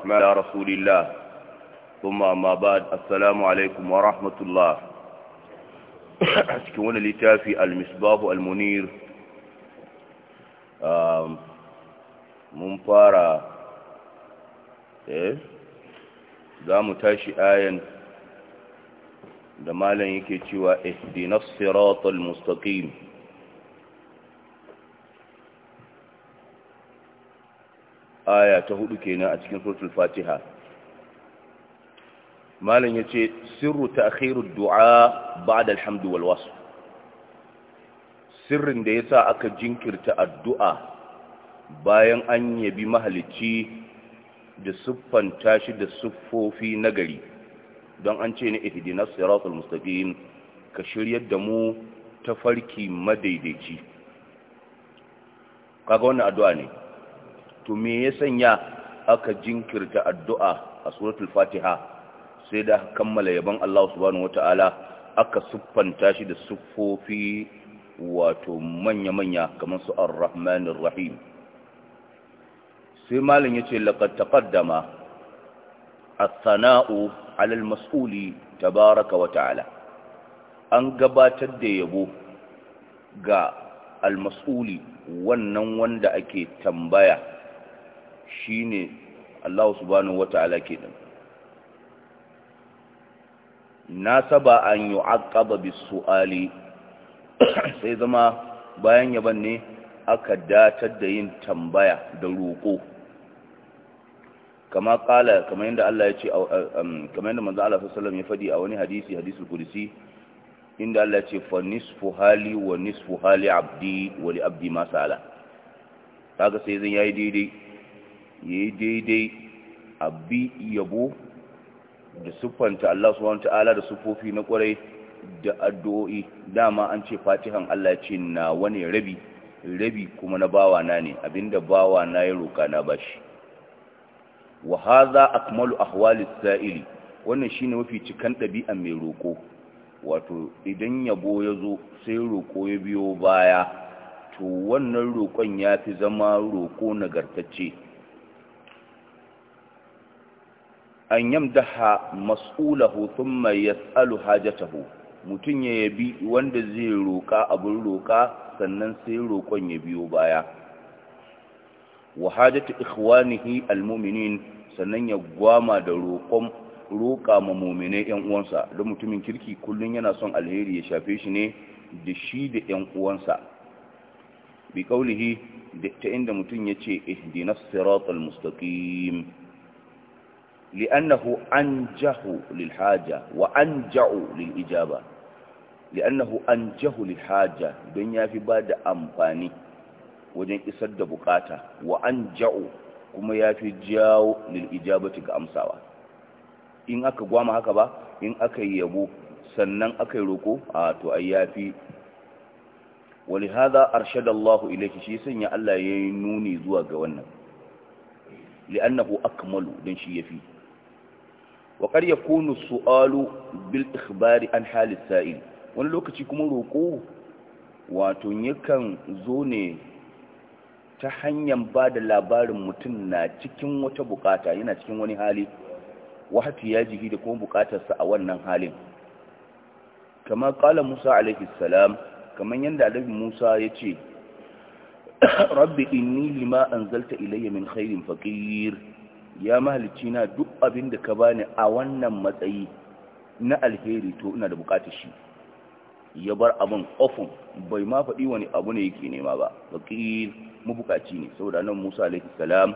الرحمن على رسول الله ثم أما بعد السلام عليكم ورحمة الله تكون لتافي المصباح المنير منفارة إيه za mu tashi ayan da malam yake cewa ihdinas siratal mustaqim aya ta hudu kenan a cikin suratul fatiha malam yace sirru ta'khirud du'a ba'da alhamdu wal wasl sirrin da yasa aka jinkirta addu'a bayan an yabi mahalicci da siffanta shi da siffofi nagari don an ce ni ihdinas siratal mustaqim ka shiryar da mu ta farki madaidaici kaga wannan addu'a ne to me ya sanya aka jinkirta addu'a a suratul fatiha sai da kammala yaban Allah subhanahu wata'ala aka siffanta shi da siffofi wato manya-manya kamar su ar-rahmanir rahim sai malin yace laqad taqaddama as-sana'u 'ala al-mas'uli tabaaraka wa ta'ala an gabatar da yabo ga al-mas'uli wannan wanda ake tambaya Shi ne Allah subhanahu ɗin na saba an yu'aqqaba bi suali sai zama bayan yaban ne aka datar da yin tambaya da roƙo kama kala kama yadda Allah ya ce um, kama yadda manzo Allah sallallahu ya fadi a wani hadisi hadisul qudsi inda Allah ya ce fa nisfu hali wa nisfu hali abdi wa li abdi ma sala kaga sai zan yayi daidai ya yi daidai a bi yabo da siffanta Allah subhanahu ta'ala da siffofi na kwarai da addu'o'i dama an ce fatihan Allah ce na wani rabi rabi kuma na bawana ne abinda bawana ya roƙa na ba bashi wa hadha akmalu ahwali sa'ili wannan shi shine mafi cikan ɗabi'a mai roƙo. wato idan yabo ya zo sai roƙo ya biyo baya to wannan roƙon ya fi zama roko nagartacce an yamdaha mas'ulahu thumma yas'alu hajatahu mutun ya yabi wanda zai roka abun roka sannan sai rokon ya biyo baya wa hajatu ikhwanihi almu'minin sannan ya gwama da rokon roƙa ma mu'mine ƴan uwansa da mutumin kirki kullun yana son alheri ya shafe shi ne da shi da ƴan uwansa bi kaulihi da ta inda mutun yace ihdinas siratal mustaqim لأنه أنجه للحاجة وأنجع للإجابة لأنه أنجه للحاجة دنيا في بعد أمباني وجن إسد بقاته وأنجع كما يافي جاو للإجابة كأمساوة إن أكا قوام هكذا إن أكا يبو سنن أكا يروكو آتو أي يافي ولهذا أرشد الله إليك شيسا يا الله ينوني زواج ونه لأنه أكمل دنشي يفيه وقد يكون السؤال بالإخبار عن حال السائل wani lokaci kuma roƙo wato yakan zo ne ta hanyar ba da labarin mutum na cikin wata bukata yana cikin wani hali wahatu ya jihi da kuma buƙatarsa a wannan halin kama ƙala musa alaihissalam kamar yadda alabi musa ya ce rabbi inni lima an zalta ilayya min khairin faƙir ya mahalicci na duk abin da ka bani a wannan matsayi na alheri to ina da bukatar shi ya bar abin ofin bai ma faɗi wani abu ne yake nema ba faƙir mabukaci ne saboda nan musa alaihi salam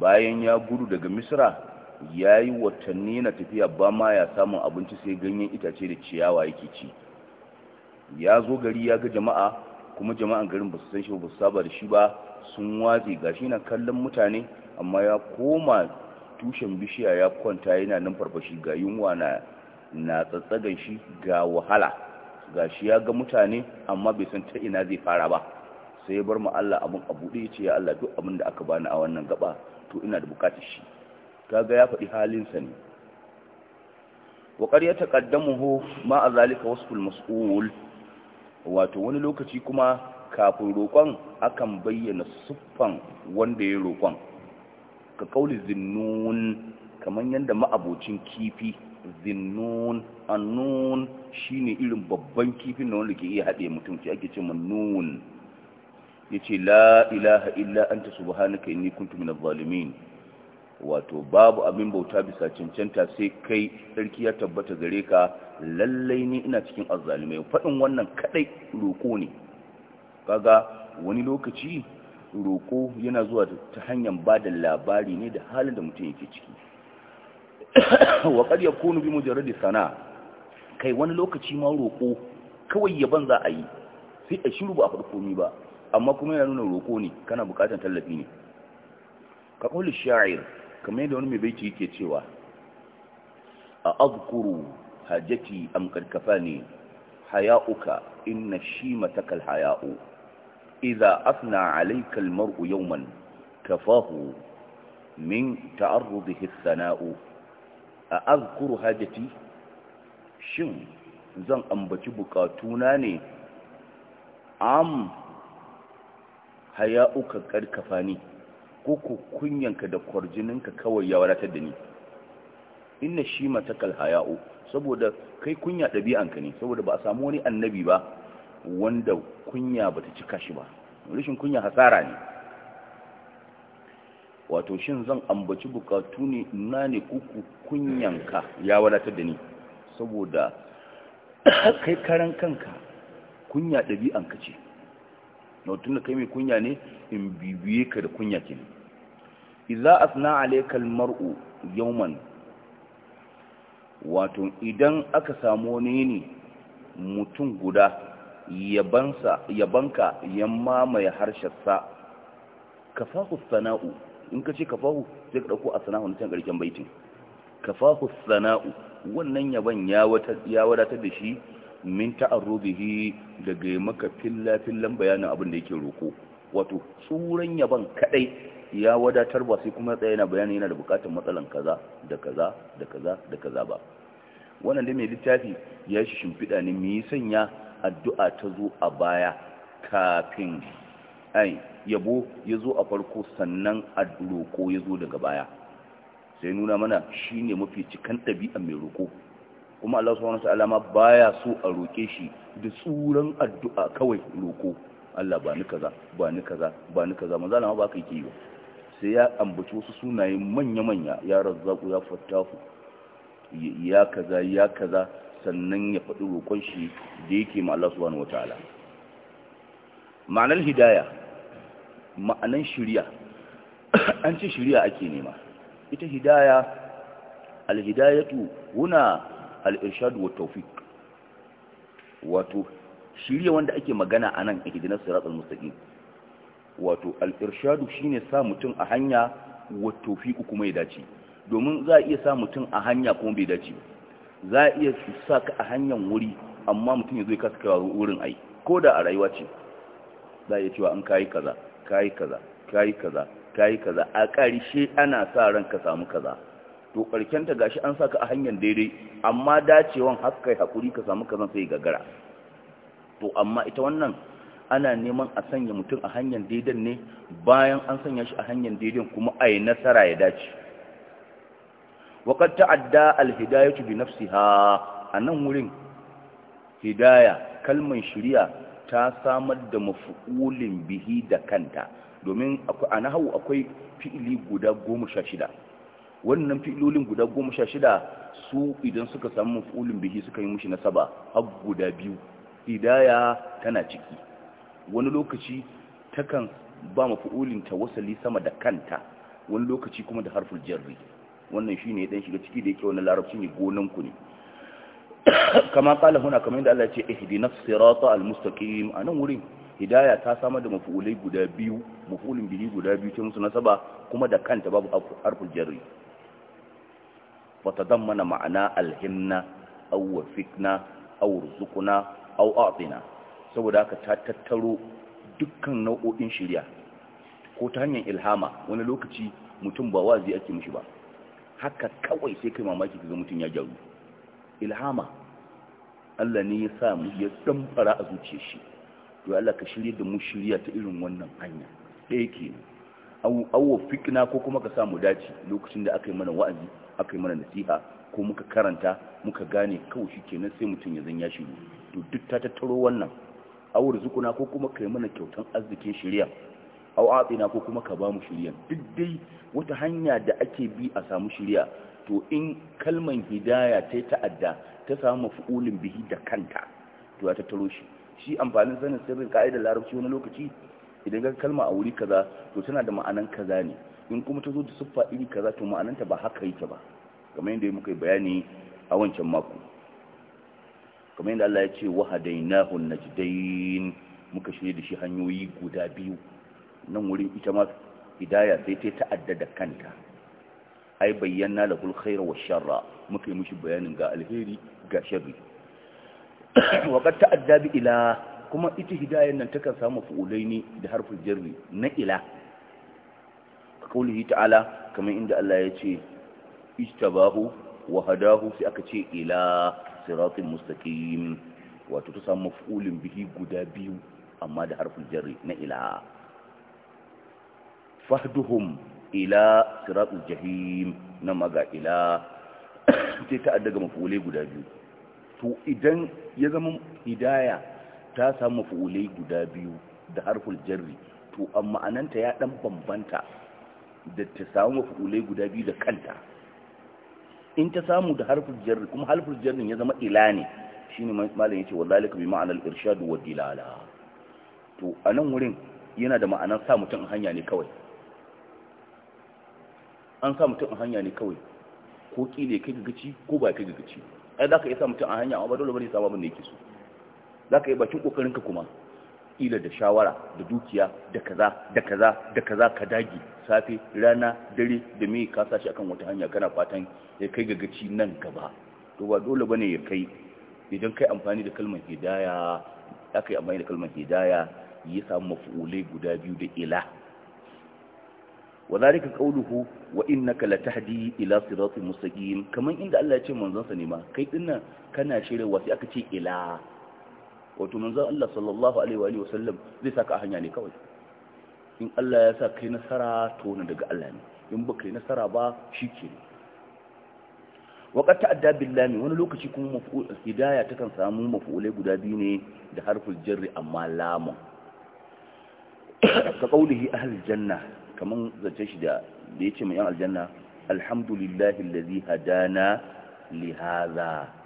bayan ya gudu daga misra ya yi watanni na tafiya ba ma ya samun abinci sai ganyen itace da ciyawa yake ci ya zo gari ya ga jama'a kuma jama'an garin ba su san shi ba su saba da shi ba sun ga shi na kallon mutane amma ya koma tushen bishiya ya kwanta yana nan farfashi ga yunwa na na tsatsagan shi ga wahala ga shi ya ga mutane amma bai san ta ina zai fara ba sai ya bar ma Allah abun a buɗe ce ya Allah duk abin da aka bani a wannan gaba to ina da bukatar shi kaga ya faɗi halinsa sa ne wa qad yataqaddamuhu ma azalika wasful mas'ul wato wani lokaci kuma kafin roƙon akan bayyana siffan wanda ya roƙon ka kauli zinnun kamar yadda ma'abocin kifi zinnun annun shine irin babban kifin na wanda ke iya haɗe mutum ce ake ce nun yace la ilaha illa an anta subhanaka inni kuntu minaz zalimin wato babu abin bauta bisa cancanta sai kai sarki ya tabbata gare ka lallai ne ina cikin azzalimai faɗin wannan kaɗai roko ne kaga wani lokaci roko yana zuwa ta hanyar ba da labari ne da halin da mutum yake ciki wa ya kunu bi mujarradi sana kai wani lokaci ma roko kawai yaban za a yi sai a shiru ba a faɗi komai ba amma kuma yana nuna roko ne kana bukatar tallafi ne ka kulli sha'ir kamar da wani mai baiti yake cewa a azkuru hajjati am karkafa ne haya'uka inna shi matakal haya'u إذا أثنى عليك المرء يوما كفاه من تعرضه الثناء أذكر هاجتي شن زن أنبتي بكاتوناني عم haya'uka karkafani ko ku kunyanka da kwarjininka kawai ya wadatar da ni inna shi matakal haya'u saboda kai kunya ɗabi'anka ne saboda ba a samu wani annabi ba wanda kunya bata cika shi ba rashin kunya hasara ne wato shin zan ambaci bukatu ne na ne kuku kunyanka ya wadatar da ni saboda kai karan kanka kunya ɗabi'anka ce na tun da kai mai kunya ne in bibiye ka da kunya ke ne iza a suna alaikal mar'u yauman wato idan aka samu wani ne mutum guda yabanka ya mamaye harshensa kafahu sana'u in ka ce kafahu sai ka dauko a sana'u na can karshen baitin kafahu sana'u wannan yaban ya wadatar da shi min ta'arrubihi daga maka filla fillan bayanin abin da yake roko wato tsuran yaban kadai ya wadatar ba sai kuma tsaye na bayanin yana da bukatar matsalan kaza da kaza da kaza da kaza ba wannan da mai littafi ya shi shimfiɗa ne mai sanya addu'a ta zo a baya kafin ai yabo ya zo a farko sannan roko ya zo daga baya sai nuna mana shi ne mafi cikan ɗabi'a mai roko. kuma Allah su wani alama baya so a roƙe shi da tsuran addu'a kawai roƙo Allah ba ni kaza ba ni kaza ba ni kaza maza lama ba ka yi ba sai ya ambaci wasu sunaye manya-manya ya razzaku ya fattafu ya kaza ya kaza sannan ya faɗi roƙon shi da yake ma Allah subhanahu wataala ma'anar hidaya ma'anar shiriya an ce shiriya ake nema ita hidaya alhidayatu huna al-irshad wa tawfiq wato shiriya wanda ake magana a nan a ihdinas siratal mustaqim wato al shi shine sa mutum a hanya wa tawfiq kuma ya dace domin za a iya sa mutum a hanya kuma bai dace ba za a iya sa ka a hanyar wuri amma mutum ya zai kasa wurin ai ko da a rayuwa ce za a iya cewa an kayi kaza kayi kaza kayi kaza kayi kaza a ƙarshe ana sa ran ka samu kaza to ƙarkenta gashi an sa ka a hanyar daidai amma dacewan haskai haƙuri ka samu kazan sai gagara to amma ita wannan ana neman a sanya mutum a hanyar daidan ne bayan an sanya shi a hanyar daidan kuma a nasara ya dace Waƙar ta'adda al-hidayatu bi wurin hidaya kalman shari'a ta samar da maf'ulin bihi da kanta domin a akwai fi'ili guda 16 wannan fi'ilolin guda 16 su idan suka samu maf'ulin bihi suka yi mushi nasaba har guda biyu hidaya tana ciki wani lokaci takan ba maf'ulin wasali sama da kanta wani lokaci kuma da harful jarri wannan shi ne dan shiga ciki da yake wannan larabci ne gonan ku ne kama kala huna kamar yadda Allah ya ce ihdinas sirata almustaqim anan wurin hidaya ta samar da mafulai guda biyu mafulin biyu guda biyu ta musu nasaba kuma da kanta babu harful jarri fa tadammana ma'ana alhinna aw wafikna aw ruzquna aw a'tina saboda haka ta tattaro dukkan nau'o'in shari'a ko ta hanyar ilhama wani lokaci mutum ba wazi ake mishi ba haka kawai sai kai mamaki ka ga mutum ya gyaru ilhama Allah ne ya sa mu ya damfara a zuciyar shi to Allah ka shirye da mu shirya ta irin wannan hanya ɗaya kenan awo fikna ko kuma ka sa mu dace lokacin da aka yi mana wa'azi aka yi mana nasiha ko muka karanta muka gane kawai shi kenan sai mutum ya zan ya to duk ta tattaro wannan awar zukuna ko kuma ka yi mana kyautan arzikin shirya Au atina ko kuma ka bamu shirya. duk dai wata hanya da ake bi a samu shiriya to in kalman hidaya ta yi ta'adda ta samu maf'ulin bihi da kanta to ya tattaro shi shi amfanin sanin sirrin ka'ida larabci wani lokaci idan ga kalma a wuri kaza to tana da ma'anan kaza ne in kuma ta zo da siffa iri kaza to ma'ananta ba haka yake ba kamar yadda muka yi bayani a wancan mako kamar yadda Allah ya ce wahadainahu najdain muka shirye da shi hanyoyi guda biyu nan wurin ita ma hidaya sai ta ta'addada kanta ai bayyana kul khaira wa sharra muke yi mishi bayanin ga alheri ga sharri wa qad ta'adda ila kuma ita hidayar nan takan samu ne da harfin jarri na ila kaulihi ta'ala kamar inda Allah ya ce istabahu wa hadahu sai aka ce ila siratin mustaqim wato ta samu maf'ulin bihi guda biyu amma da harfin jarri na ila fahduhum ila siratul jahim na maga ila ce ta addaga mafuule guda biyu to idan ya zama hidaya ta samu mafuule guda biyu da harful jarri to amma ananta ya dan bambanta da ta samu mafuule guda biyu da kanta in ta samu da harful jarri kuma harful jarrin ya zama ila ne shine malam yace wallahi bi ma'anar, Irshadu, wa dilala to anan wurin yana da ma'anar sa mutum hanya ne kawai an sa mutum a hanya ne kawai ko kile kai gagaci ko ba kai gagaci ai za ka iya sa mutum a hanya amma dole bane ya samu abin da yake so za ka yi bakin kokarin ka kuma kila da shawara da dukiya da kaza da kaza da kaza ka dage safe rana dare da me ka sashi akan wata hanya kana fatan ya kai gagaci nan gaba to ba dole bane ya kai idan kai amfani da kalmar hidaya ka yi amfani da kalmar hidaya ya samu mafu'ulai guda biyu da ila وذلك قوله وإنك لتهدي إلى صراط مستقيم كمان عند الله يتي منزون سنما كي دنا كنا شيره واسي أكتي إلى wato manzon Allah sallallahu alaihi wa alihi wasallam zai saka hanya ne kawai in Allah ya sa kai nasara to ne daga Allah ne in ba kai nasara ba shikenan waqad ta'adda billahi wani lokaci kuma maf'ul hidayah takan samu maf'ulai guda biyu ne da harful jarri amma lamun ka qaulihi ahlul janna kaman zance shi da da ce mu yan aljanna alhamdulillahi lazi hadana li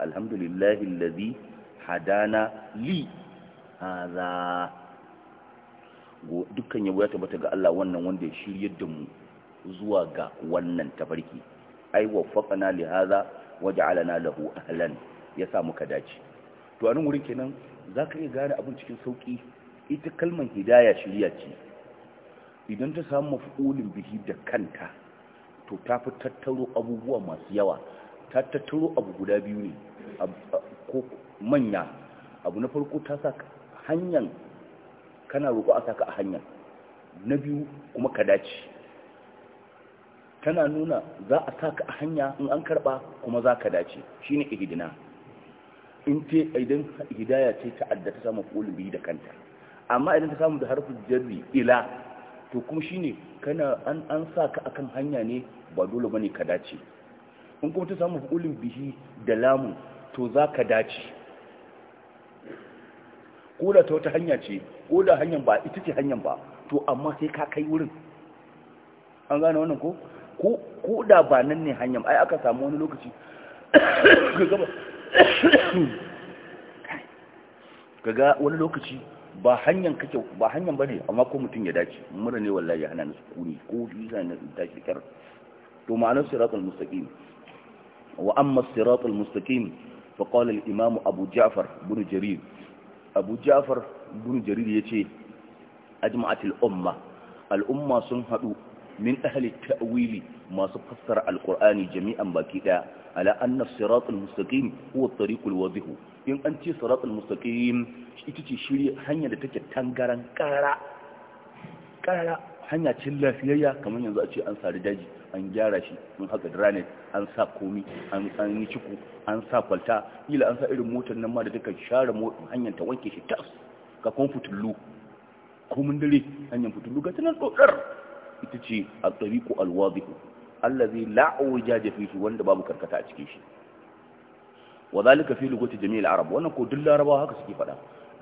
alhamdulillahi lazi hadana li dukkan yabo ya tabbata ga Allah wannan wanda ya shirye da mu zuwa ga wannan tafarki ai faqana li hadha waj'alana lahu ahlan ya sa muka dace to anan wurin kenan zaka iya gane abin cikin sauki ita kalman hidaya shirya ce idan ta samu mafulin bihi da kanta to ta fi tattaro abubuwa masu yawa ta tattaro abu guda biyu ne ko manya abu na farko ta sa hanyar kana roƙo a saka a hanyar na biyu kuma ka dace tana nuna za a saka a hanya in an karɓa kuma za ka dace shine ihidina in te idan hidaya ce ta addata samu ƙolin biyu da kanta amma idan ta samu da harfin jarri ila to kuma shi ne an sa ka akan hanya ne ba dole ba ne ka dace in kuma ta samu hukulin bihi da lamun to za ka dace ko da ta wata hanya ce ko da hanyar ba ita ce hanyar ba to amma sai ka kai wurin an gane wannan ko ko da ba nan ne hanyar ai aka samu wani lokaci ka ga wani lokaci ba hanyar kake ba hanyar bane amma ko mutum ya dace mura ne wallahi hana ni ko visa na tashi kar to ma'anar siratul mustaqim wa amma siratul mustaqim fa qala al imam abu ja'far ibn jarir abu ja'far ibn jarir yace ajma'atil umma al umma sun hadu min ahli ta'wili masu fassara alqur'ani jami'an baki ɗaya. ala anna siratal mustaqim huwa at-tariqul in an ce siratal mustaqim ita ce shirya hanya da take tangaran kara kara hanya ce lafiyayya kamar yanzu a ce an sari daji an gyara shi mun haka dranet an sa komi an an ciku an sa kwalta kila an sa irin motar nan ma da take share hanyar ta wanke shi tas ka kon fitullu ko dare hanyar fitullu ga tanan dodar ita ce a tariqu al-wadih allazi la ujaja shi wanda babu karkata a cikin shi wadhalika fi lugati jami'il arab wannan ko duk larabawa haka suke faɗa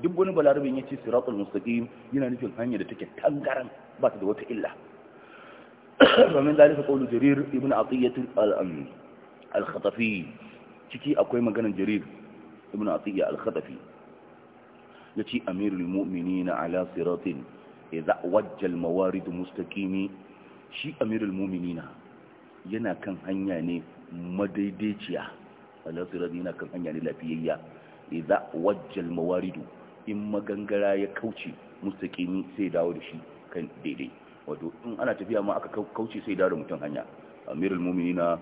duk wani balarabin yace siratul mustaqim yana nufin hanya da take tangaran ba ta da wata illa ومن ذلك قول جرير ابن al-khatafi. ciki akwai maganar jarir ibn atiyya al-khatafi yace amirul mu'minina ala siratin idza wajjal mawarid mustaqimi shi amirul mu'minina yana kan hanya ne madaidaiciya alasirani yana kan hanya ne lafiyayya idza wajjal mawarid in magangara ya kauce mustaqimi sai dawo da shi kan daidai wato in ana tafiya ma aka kauce sai dawo da mutum hanya amirul mu'minina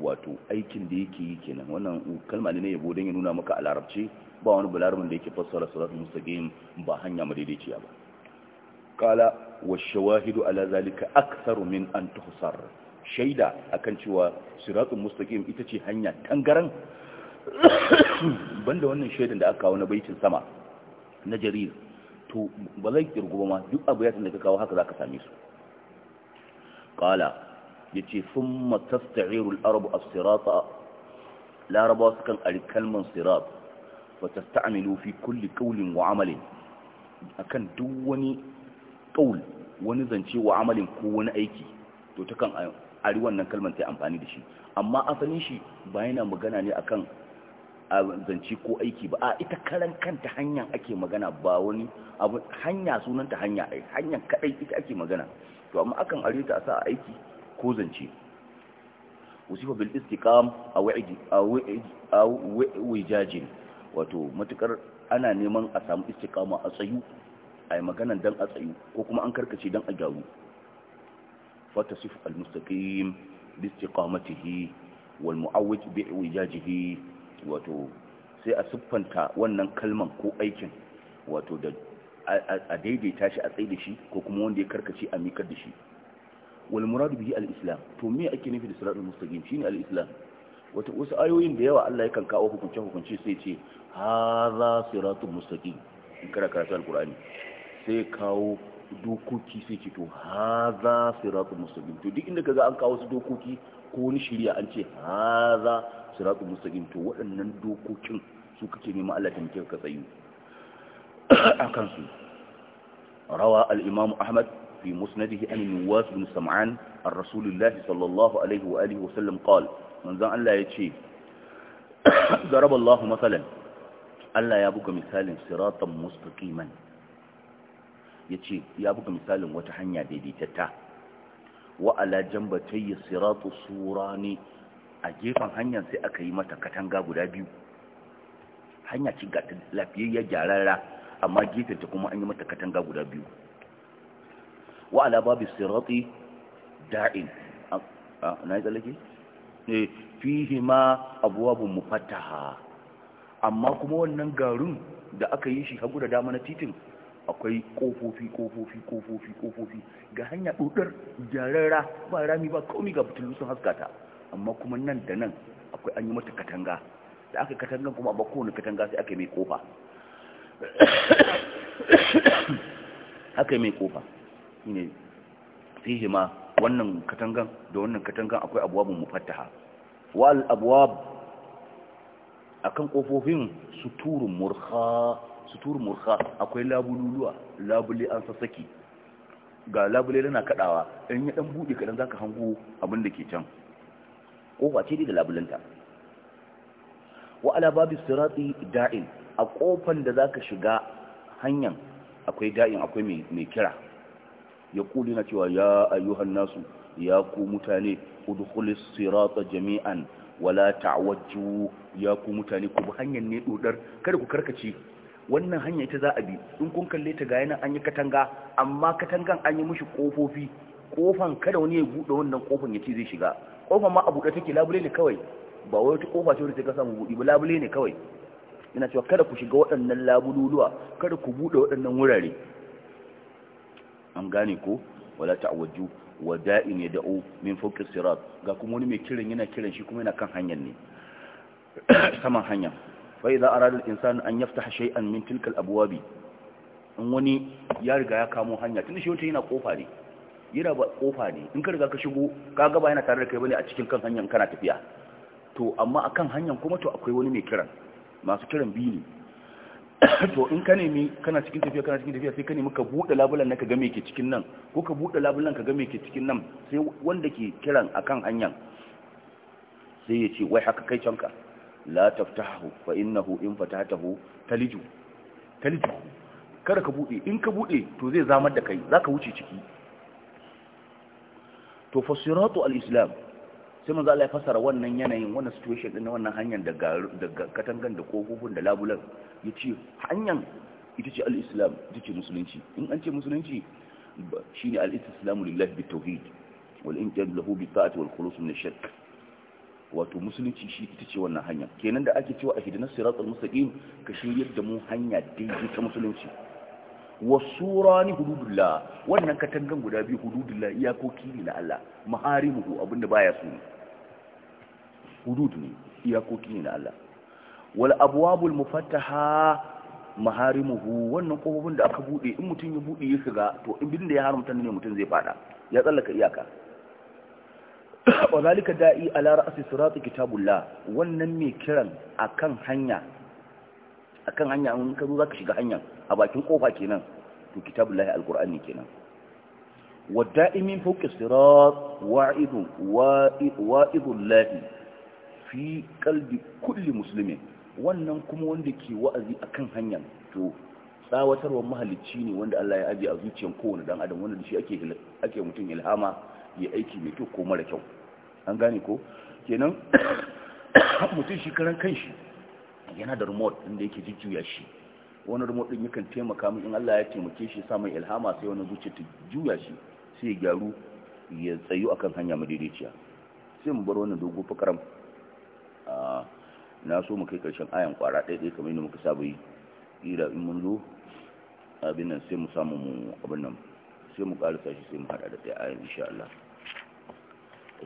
wato aikin da yake yi kenan wannan kalma ne yabo don ya nuna maka a larabci ba wani bularmin da yake fassara salatul mustaqim ba hanya madaidaiciya ba kala wa shawahidu ala zalika aktharu min an tuhsar shaida akan cewa siratul mustaqim ita ce hanya tangaran banda wannan shaidan da aka kawo na baitin sama na jarir to ba zai kirgu ba ma duk abu yatin da ka kawo haka zaka same su Kala, yace thumma tasta'iru al-arabu as-sirata laraba sukan al-kalman sirat wa tasta'milu fi kulli qawlin wa amalin akan duk wani Kawul wani zance wa amalin ko wani aiki to ta kan ari wannan kalmar sai amfani da shi amma asalin shi ba yana magana ne akan zance ko aiki ba a ita karan kanta hanyar ake magana ba wani abu hanya sunanta hanya ai hanyar kadai ita ake magana to amma akan ari ta sa aiki ko zance usifa bil istiqam aw iji aw wijajin wato matukar ana neman a samu istiqama a tsayu a yi maganan don a tsayu ko kuma an karkace don a gyaru fata sifu almustaqim bi istiqamatihi wal mu'awwij bi jajihi wato sai a siffanta wannan kalman ko aikin wato da a daidaita shi a tsaye da shi ko kuma wanda ya karkace a mikar da shi wal muradu bihi al islam to me ake nufi da siratul mustaqim shine al islam wato wasu ayoyin da yawa Allah yakan kawo hukunce hukunce sai ce hadha siratul mustaqim in kara karatu al qur'ani sai kawo dokoki sai ki to haza siratul mustaqim to duk inda kaga an kawo su dokoki ko wani shirya an ce haza siratul mustaqim to waɗannan dokokin su kake nema Allah ta mike ka tsayu A kansu rawa al ahmad fi musnadihi an Wasu bin sam'an ar rasulullahi sallallahu alaihi wa alihi wa sallam qala manzon Allah yace daraba Allah masalan Allah ya buga misalin siratan mustaqiman ya ce ya buga misalin wata hanya daidaitatta wa ala jambatayya siratu surani a gefen hanyar sai aka yi mata katanga guda biyu hanya ce ga lafiyayya gyararra amma gefen ta kuma an yi mata katanga guda biyu wa ala babu sirati da'in na yi tsallake ne eh, fihi ma abuwabun mufataha amma kuma wannan garin da aka yi shi hagu da dama na titin akwai kofofi kofofi kofofi kofofi ga hanya dudar jarara ba rami ba komi ga fitilu sun haskata amma kuma nan da nan akwai an yi mata katanga da aka katanga kuma ba kowane katanga sai aka yi mai kofa aka mai kofa ne fihi ma wannan katangan da wannan katangan akwai abuwabun mufattaha wal abuwab akan kofofin suturun murha. sutur murkha akwai labululuwa labule an sassaki ga labule yana kadawa in ya dan bude kadan zaka hango abin da ke can kofa ce da labulanta wa ala babis sirati da'in a kofan da zaka shiga hanyan akwai da'in akwai mai kira ya kuli na cewa ya ayyuhan nasu ya ku mutane udkhulis sirata jami'an wala ta'wajju ya ku mutane ku bi hanyar ne dodar kada ku karkace wannan hanya ita za a bi in kun kalle ta ga yana an yi katanga amma katangan an yi mishi kofofi kofan kada wani ya buɗe wannan kofan ya ce zai shiga kofan ma a buɗe take labule ne kawai ba wai wata kofa ce wadda ta samu buɗi ba labule ne kawai ina cewa kada ku shiga waɗannan labululuwa kada ku buɗe waɗannan wurare an gane ko wala ta'awaju wa da'in yad'u min fawqi sirat ga kuma wani mai kiran yana kiran shi kuma yana kan hanyar ne saman hanyar فإذا أراد الإنسان أن يفتح min من تلك الأبواب in wani ya riga ya kamo hanya tun da shi wata yana kofa ne yana ba kofa ne in ka riga ka shigo ka gaba yana tare da kai bane a cikin kan hanyar kana tafiya to amma akan hanyar kuma to akwai wani mai kiran masu kiran biyu ne to in ka nemi kana cikin tafiya kana cikin tafiya sai ka nemi ka bude labulan naka ga me ke cikin nan ko ka bude labulan ka ga me ke cikin nan sai wanda ke kiran akan hanyar sai ya ce wai haka kai canka la taftahu fa innahu in fatatahu taliju taliju kada ka bude in ka bude to zai zamar da kai zaka wuce ciki to fasiratu al-islam sai manzo Allah ya fasara wannan yanayin wannan situation din wannan hanyar daga daga katangan da kofofin da labulan yace hanyar ita ce al-islam ita ce musulunci in an ce musulunci shine al-islamu lillahi bitawhid wal inqiyad lahu bi ta'ati wal khulus min ash-shirk wato musulunci shi ita ce wannan hanya kenan da ake cewa a hidinar siratul mustaqim ka shiryar da mu hanya daidai ta musulunci wasurani hududullah wannan katangan guda biyu hududullah iyakoki ne na Allah maharimuhu abinda baya so ne hudud ne iyakoki ne na Allah wal abwabul mufattaha maharimuhu wannan kofofin da aka bude in mutun ya bude ya shiga to in bin da ya haramta ne mutun zai fada ya tsallaka iyaka wa zalika da'i ala ra'si sirati kitabullah wannan mai kiran akan hanya akan hanya in ka zo zaka shiga hanya a bakin kofa kenan to kitabullahi alqur'ani kenan da'imin fawqa sirat wa'idun wa'idullahi fi qalbi kulli muslimin wannan kuma wanda ke wa'azi akan hanyan to tsawatarwar mahalicci ne wanda Allah ya aje a zuciyar kowane dan adam wanda shi ake ake mutun ilhama ya aiki mai kyau ko mara kyau an gane ko kenan mutum shi karan kanshi yana da remote inda yake jujjuya shi wani remote din yakan taimaka min in Allah ya taimake shi sa mai ilhama sai wani zuciya ta juya shi sai ya gyaru ya tsayu akan hanya madaidaiciya sai mu bar wannan dogo fakaram ah, na so mu kai karshen ayan kwara ɗaya ɗaya kamar yadda muka saba yi ira in mun zo abin nan sai mu samu mu abin nan sai mu karisa shi sai mu hada da ɗaya ayan insha Allah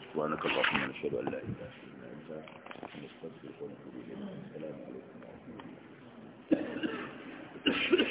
سبحانك اللهم نشهد ان لا اله الا انت نستغفرك ونتوب اليك السلام عليكم ورحمه الله